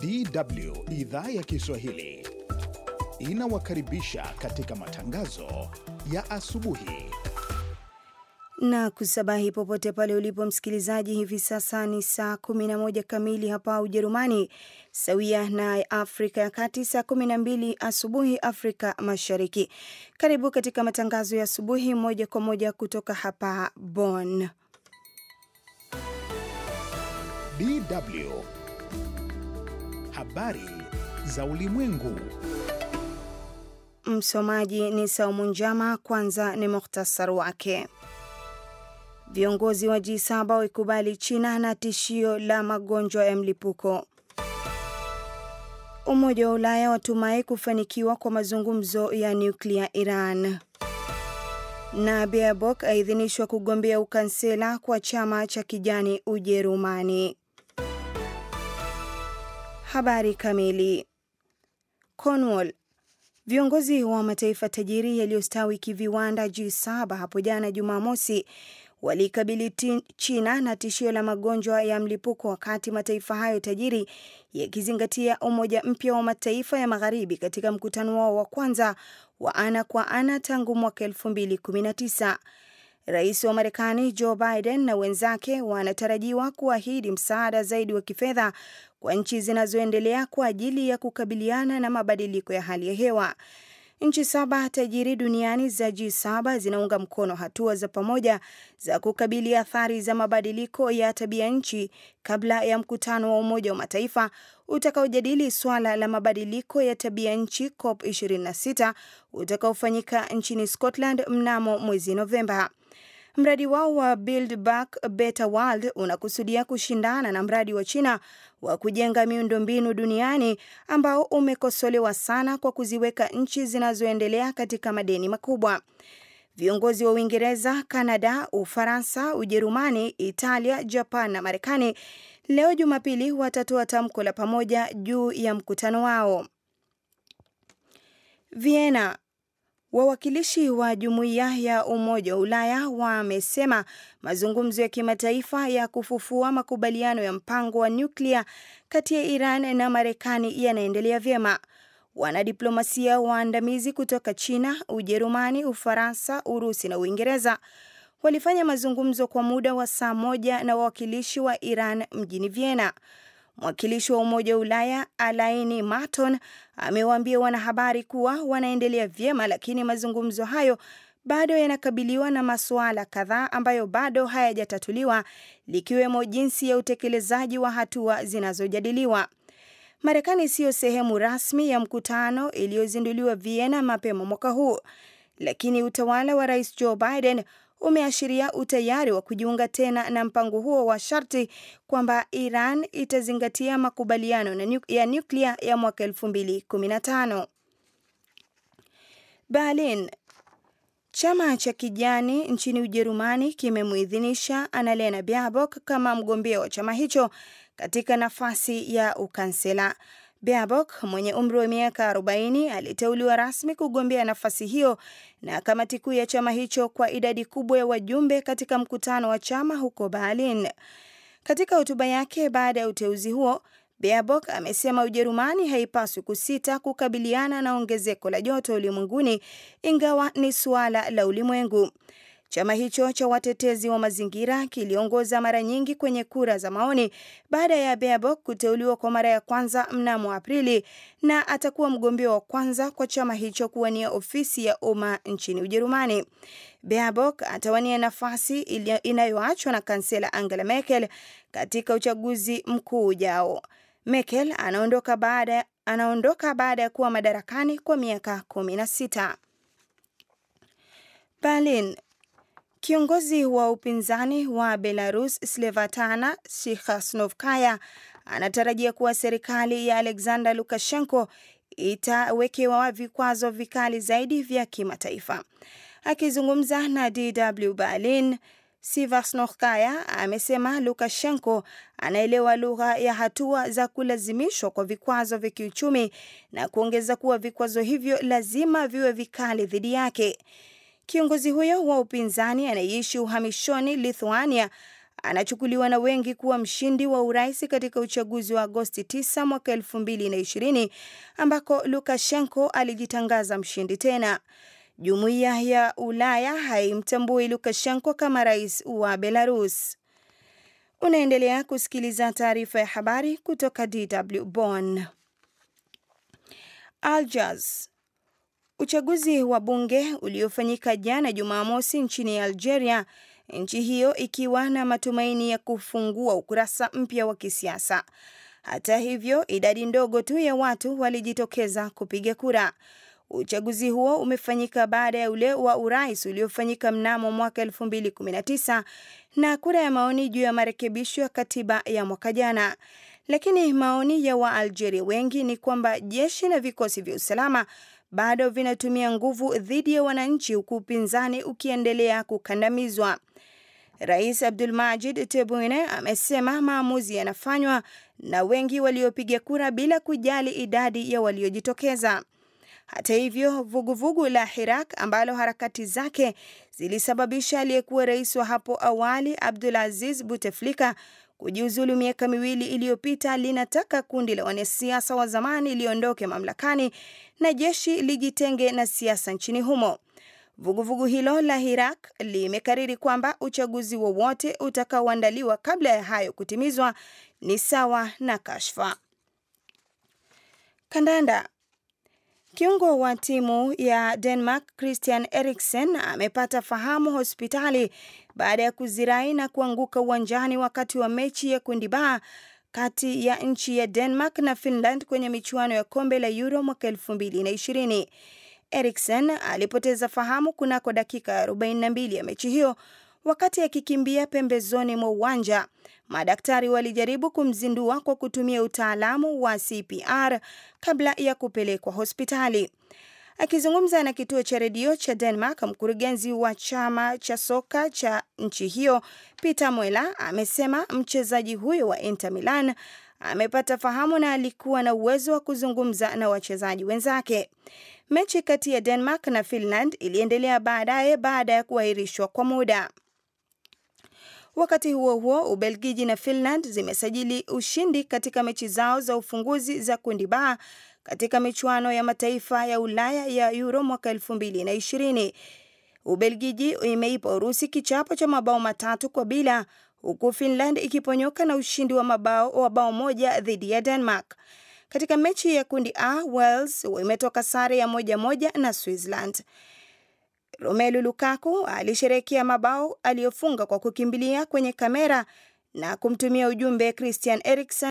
DW idhaa ya Kiswahili inawakaribisha katika matangazo ya asubuhi na kusabahi popote pale ulipo msikilizaji. Hivi sasa ni saa 11 kamili hapa Ujerumani, sawia na Afrika ya Kati, saa 12 asubuhi Afrika Mashariki. Karibu katika matangazo ya asubuhi moja kwa moja kutoka hapa Bonn. DW habari za ulimwengu. Msomaji ni Saumu Njama. Kwanza ni muhtasari wake. Viongozi wa G7 waikubali China na tishio la magonjwa ya mlipuko. Umoja wa Ulaya watumai kufanikiwa kwa mazungumzo ya nuklia Iran. Na Baerbock aidhinishwa kugombea ukansela kwa chama cha kijani Ujerumani. Habari kamili. Cornwall. Viongozi wa mataifa tajiri yaliyostawi kiviwanda G7 hapo jana Jumamosi waliikabili China na tishio la magonjwa ya mlipuko, wakati mataifa hayo tajiri yakizingatia umoja mpya wa mataifa ya magharibi katika mkutano wao wa kwanza wa ana kwa ana tangu mwaka 2019. Rais wa Marekani Joe Biden na wenzake wanatarajiwa kuahidi msaada zaidi wa kifedha kwa nchi zinazoendelea kwa ajili ya kukabiliana na mabadiliko ya hali ya hewa. Nchi saba tajiri duniani za G7 zinaunga mkono hatua za pamoja za kukabili athari za mabadiliko ya tabia nchi kabla ya mkutano wa Umoja wa Mataifa utakaojadili swala la mabadiliko ya tabia nchi COP 26 utakaofanyika nchini Scotland mnamo mwezi Novemba. Mradi wao wa Build Back Better World unakusudia kushindana na mradi wa China wa kujenga miundombinu duniani ambao umekosolewa sana kwa kuziweka nchi zinazoendelea katika madeni makubwa. Viongozi wa Uingereza, Kanada, Ufaransa, Ujerumani, Italia, Japan na Marekani leo Jumapili watatoa tamko la pamoja juu ya mkutano wao. Vienna Wawakilishi wa jumuiya ya Umoja wa Ulaya wamesema mazungumzo ya kimataifa ya kufufua makubaliano ya mpango wa nyuklia kati ya Iran na Marekani yanaendelea vyema. Wanadiplomasia waandamizi kutoka China, Ujerumani, Ufaransa, Urusi na Uingereza walifanya mazungumzo kwa muda wa saa moja na wawakilishi wa Iran mjini Vienna. Mwakilishi wa Umoja wa Ulaya Alaini Marton amewaambia wanahabari kuwa wanaendelea vyema, lakini mazungumzo hayo bado yanakabiliwa na masuala kadhaa ambayo bado hayajatatuliwa likiwemo jinsi ya utekelezaji wa hatua zinazojadiliwa. Marekani siyo sehemu rasmi ya mkutano iliyozinduliwa Vienna mapema mwaka huu, lakini utawala wa Rais Joe Biden umeashiria utayari wa kujiunga tena na mpango huo wa sharti kwamba Iran itazingatia makubaliano ya nyuklia ya mwaka 2015. Berlin. Chama cha kijani nchini Ujerumani kimemuidhinisha Annalena Baerbock kama mgombea wa chama hicho katika nafasi ya ukansela. Baerbock mwenye umri wa miaka 40 aliteuliwa rasmi kugombea nafasi hiyo na kamati kuu ya chama hicho kwa idadi kubwa ya wajumbe katika mkutano wa chama huko Berlin. Katika hotuba yake baada ya uteuzi huo, Baerbock amesema Ujerumani haipaswi kusita kukabiliana na ongezeko la joto ulimwenguni ingawa ni suala la ulimwengu. Chama hicho cha watetezi wa mazingira kiliongoza mara nyingi kwenye kura za maoni baada ya Baerbock kuteuliwa kwa mara ya kwanza mnamo Aprili, na atakuwa mgombea wa kwanza kwa chama hicho kuwania ofisi ya umma nchini Ujerumani. Baerbock atawania nafasi inayoachwa na kansela Angela Merkel katika uchaguzi mkuu ujao. Merkel anaondoka baada anaondoka baada ya kuwa madarakani kwa miaka 16. Berlin. Kiongozi wa upinzani wa Belarus Slevatana Sikhasnovkaya anatarajia kuwa serikali ya Alexander Lukashenko itawekewa vikwazo vikali zaidi vya kimataifa. Akizungumza na DW Berlin, Sivasnovkaya amesema Lukashenko anaelewa lugha ya hatua za kulazimishwa kwa vikwazo vya kiuchumi na kuongeza kuwa vikwazo hivyo lazima viwe vikali dhidi yake. Kiongozi huyo wa upinzani anayeishi uhamishoni Lithuania anachukuliwa na wengi kuwa mshindi wa urais katika uchaguzi wa Agosti 9 mwaka 2020 ambako Lukashenko alijitangaza mshindi tena. Jumuiya ya Ulaya haimtambui Lukashenko kama rais wa Belarus. Unaendelea kusikiliza taarifa ya habari kutoka DW Bonn. aljaz Uchaguzi wa bunge uliofanyika jana Jumamosi nchini Algeria, nchi hiyo ikiwa na matumaini ya kufungua ukurasa mpya wa kisiasa. Hata hivyo, idadi ndogo tu ya watu walijitokeza kupiga kura. Uchaguzi huo umefanyika baada ya ule wa urais uliofanyika mnamo mwaka 2019 na kura ya maoni juu ya marekebisho ya katiba ya mwaka jana. Lakini maoni ya Waalgeria wengi ni kwamba jeshi na vikosi vya usalama bado vinatumia nguvu dhidi ya wananchi huku upinzani ukiendelea kukandamizwa. Rais Abdul Majid Tebboune amesema maamuzi yanafanywa na wengi waliopiga kura bila kujali idadi ya waliojitokeza. Hata hivyo, vuguvugu vugu la Hirak ambalo harakati zake zilisababisha aliyekuwa rais wa hapo awali abdul aziz Buteflika kujiuzulu miaka miwili iliyopita linataka kundi la wanasiasa wa zamani liondoke mamlakani na jeshi lijitenge na siasa nchini humo. Vuguvugu vugu hilo la Hirak limekariri kwamba uchaguzi wowote utakaoandaliwa kabla ya hayo kutimizwa ni sawa na kashfa. Kandanda. Kiungo wa timu ya Denmark Christian Eriksen amepata fahamu hospitali baada ya kuzirai na kuanguka uwanjani wakati wa mechi ya kundi ba kati ya nchi ya Denmark na Finland kwenye michuano ya kombe la Euro mwaka ishirini Eriksen alipoteza fahamu kunako dakika 42 ya mechi hiyo wakati akikimbia pembezoni mwa uwanja. Madaktari walijaribu kumzindua kwa kutumia utaalamu wa CPR kabla ya kupelekwa hospitali. Akizungumza na kituo cha redio cha Denmark, mkurugenzi wa chama cha soka cha nchi hiyo Peter Mwela amesema mchezaji huyo wa Inter Milan amepata fahamu na alikuwa na uwezo wa kuzungumza na wachezaji wenzake. Mechi kati ya Denmark na Finland iliendelea baadaye baada ya kuahirishwa kwa muda. Wakati huo huo, Ubelgiji na Finland zimesajili ushindi katika mechi zao za ufunguzi za kundi ba katika michuano ya mataifa ya Ulaya ya Euro mwaka 2020. Ubelgiji imeipa Urusi kichapo cha mabao matatu kwa bila huku Finland ikiponyoka na ushindi wa mabao wa bao moja dhidi ya Denmark. Katika mechi ya kundi A, Wales imetoka sare ya moja moja na Switzerland. Romelu Lukaku alisherehekea mabao aliyofunga kwa kukimbilia kwenye kamera na kumtumia ujumbe Christian Eriksen